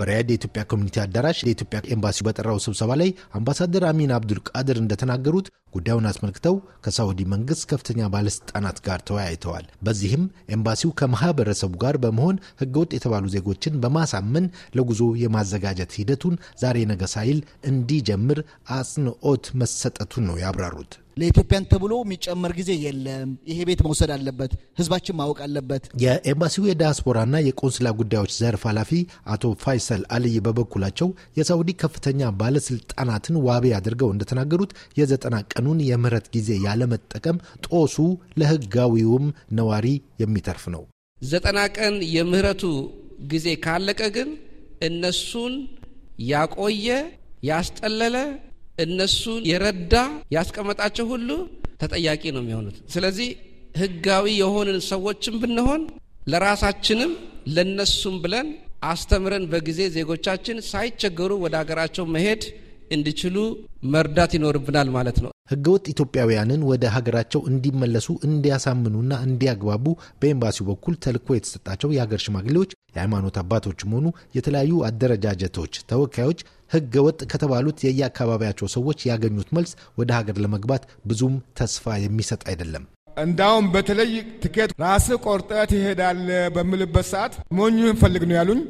በሪያድ የኢትዮጵያ ኮሚኒቲ አዳራሽ የኢትዮጵያ ኤምባሲ በጠራው ስብሰባ ላይ አምባሳደር አሚን አብዱል ቃድር እንደተናገሩት ጉዳዩን አስመልክተው ከሳዑዲ መንግስት ከፍተኛ ባለስልጣናት ጋር ተወያይተዋል። በዚህም ኤምባሲው ከማህበረሰቡ ጋር በመሆን ህገወጥ የተባሉ ዜጎችን በማሳመን ለጉዞ የማዘጋጀት ሂደቱን ዛሬ ነገ ሳይል እንዲጀምር አጽንኦት መሰጠቱን ነው ያብራሩት። ለኢትዮጵያን ተብሎ የሚጨመር ጊዜ የለም። ይሄ ቤት መውሰድ አለበት፣ ህዝባችን ማወቅ አለበት። የኤምባሲው የዲያስፖራና የቆንስላ ጉዳዮች ዘርፍ ኃላፊ አቶ ፋይሰል አልይ በበኩላቸው የሳውዲ ከፍተኛ ባለስልጣናትን ዋቢ አድርገው እንደተናገሩት የዘጠና ቀኑን የምህረት ጊዜ ያለመጠቀም ጦሱ ለህጋዊውም ነዋሪ የሚተርፍ ነው። ዘጠና ቀን የምህረቱ ጊዜ ካለቀ ግን እነሱን ያቆየ ያስጠለለ እነሱን የረዳ ያስቀመጣቸው ሁሉ ተጠያቂ ነው የሚሆኑት። ስለዚህ ህጋዊ የሆንን ሰዎችም ብንሆን ለራሳችንም ለነሱም ብለን አስተምረን በጊዜ ዜጎቻችን ሳይቸገሩ ወደ ሀገራቸው መሄድ እንዲችሉ መርዳት ይኖርብናል ማለት ነው። ህገወጥ ኢትዮጵያውያንን ወደ ሀገራቸው እንዲመለሱ እንዲያሳምኑና እንዲያግባቡ በኤምባሲው በኩል ተልኮ የተሰጣቸው የሀገር ሽማግሌዎች፣ የሃይማኖት አባቶችም ሆኑ የተለያዩ አደረጃጀቶች ተወካዮች ህገ ወጥ ከተባሉት የየአካባቢያቸው ሰዎች ያገኙት መልስ ወደ ሀገር ለመግባት ብዙም ተስፋ የሚሰጥ አይደለም። እንዳውም በተለይ ትኬት ራስ ቆርጠ ትሄዳል በምልበት ሰዓት ሞኙ ፈልግ ነው ያሉኝ።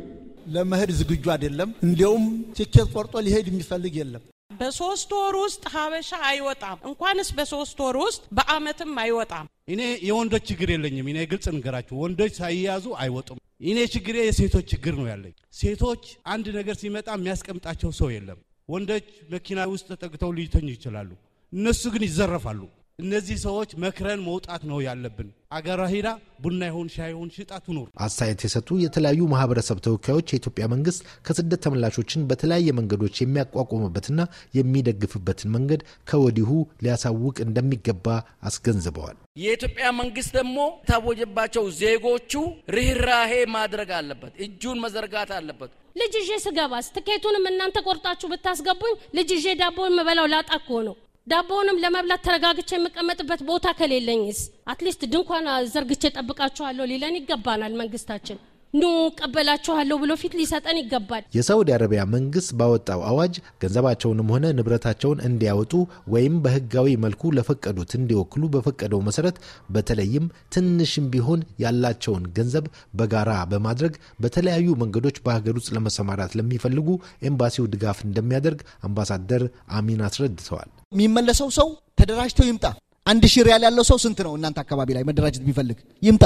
ለመሄድ ዝግጁ አይደለም። እንዲያውም ትኬት ቆርጦ ሊሄድ የሚፈልግ የለም። በሶስት ወር ውስጥ ሀበሻ አይወጣም። እንኳንስ በሶስት ወር ውስጥ በአመትም አይወጣም። እኔ የወንዶች ችግር የለኝም። እኔ ግልጽ ንገራቸው፣ ወንዶች ሳይያዙ አይወጡም። እኔ ችግሬ የሴቶች ችግር ነው ያለኝ። ሴቶች አንድ ነገር ሲመጣ የሚያስቀምጣቸው ሰው የለም። ወንዶች መኪና ውስጥ ተጠግተው ሊተኙ ይችላሉ። እነሱ ግን ይዘረፋሉ። እነዚህ ሰዎች መክረን መውጣት ነው ያለብን። አገራ ሂዳ ቡና ይሁን ሻይ ይሁን ሽጣ ትኑር። አስተያየት የሰጡ የተለያዩ ማህበረሰብ ተወካዮች የኢትዮጵያ መንግስት ከስደት ተመላሾችን በተለያየ መንገዶች የሚያቋቁምበትና የሚደግፍበትን መንገድ ከወዲሁ ሊያሳውቅ እንደሚገባ አስገንዝበዋል። የኢትዮጵያ መንግስት ደግሞ የታወጀባቸው ዜጎቹ ርኅራሄ ማድረግ አለበት፣ እጁን መዘርጋት አለበት። ልጅ ይዤ ስገባስ ትኬቱንም እናንተ ቆርጣችሁ ብታስገቡኝ ልጅ ይዤ ዳቦ የምበላው ላጣ እኮ ነው። ዳቦውንም ለመብላት ተረጋግቼ የምቀመጥበት ቦታ ከሌለኝስ አትሊስት ድንኳን ዘርግቼ ጠብቃችኋለሁ ሊለን ይገባናል መንግስታችን። ኑ ቀበላችኋለሁ ብሎ ፊት ሊሰጠን ይገባል። የሳውዲ አረቢያ መንግስት ባወጣው አዋጅ ገንዘባቸውንም ሆነ ንብረታቸውን እንዲያወጡ ወይም በህጋዊ መልኩ ለፈቀዱት እንዲወክሉ በፈቀደው መሰረት በተለይም ትንሽም ቢሆን ያላቸውን ገንዘብ በጋራ በማድረግ በተለያዩ መንገዶች በሀገር ውስጥ ለመሰማራት ለሚፈልጉ ኤምባሲው ድጋፍ እንደሚያደርግ አምባሳደር አሚን አስረድተዋል። የሚመለሰው ሰው ተደራጅቶ ይምጣ። አንድ ሺ ሪያል ያለው ሰው ስንት ነው? እናንተ አካባቢ ላይ መደራጀት ቢፈልግ ይምጣ።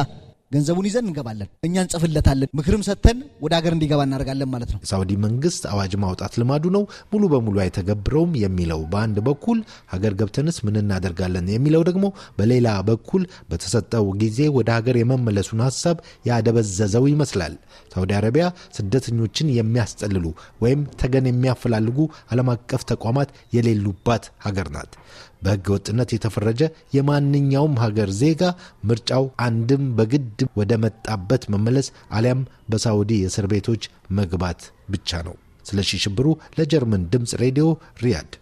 ገንዘቡን ይዘን እንገባለን፣ እኛ እንጽፍለታለን፣ ምክርም ሰጥተን ወደ ሀገር እንዲገባ እናደርጋለን ማለት ነው። ሳውዲ መንግስት አዋጅ ማውጣት ልማዱ ነው፣ ሙሉ በሙሉ አይተገብረውም የሚለው በአንድ በኩል ሀገር ገብተንስ ምን እናደርጋለን የሚለው ደግሞ በሌላ በኩል በተሰጠው ጊዜ ወደ ሀገር የመመለሱን ሀሳብ ያደበዘዘው ይመስላል። ሳውዲ አረቢያ ስደተኞችን የሚያስጠልሉ ወይም ተገን የሚያፈላልጉ ዓለም አቀፍ ተቋማት የሌሉባት ሀገር ናት። በሕገ ወጥነት የተፈረጀ የማንኛውም ሀገር ዜጋ ምርጫው አንድም በግድ ወደ መጣበት መመለስ አሊያም በሳውዲ እስር ቤቶች መግባት ብቻ ነው። ስለሺ ሽብሩ ለጀርመን ድምፅ ሬዲዮ ሪያድ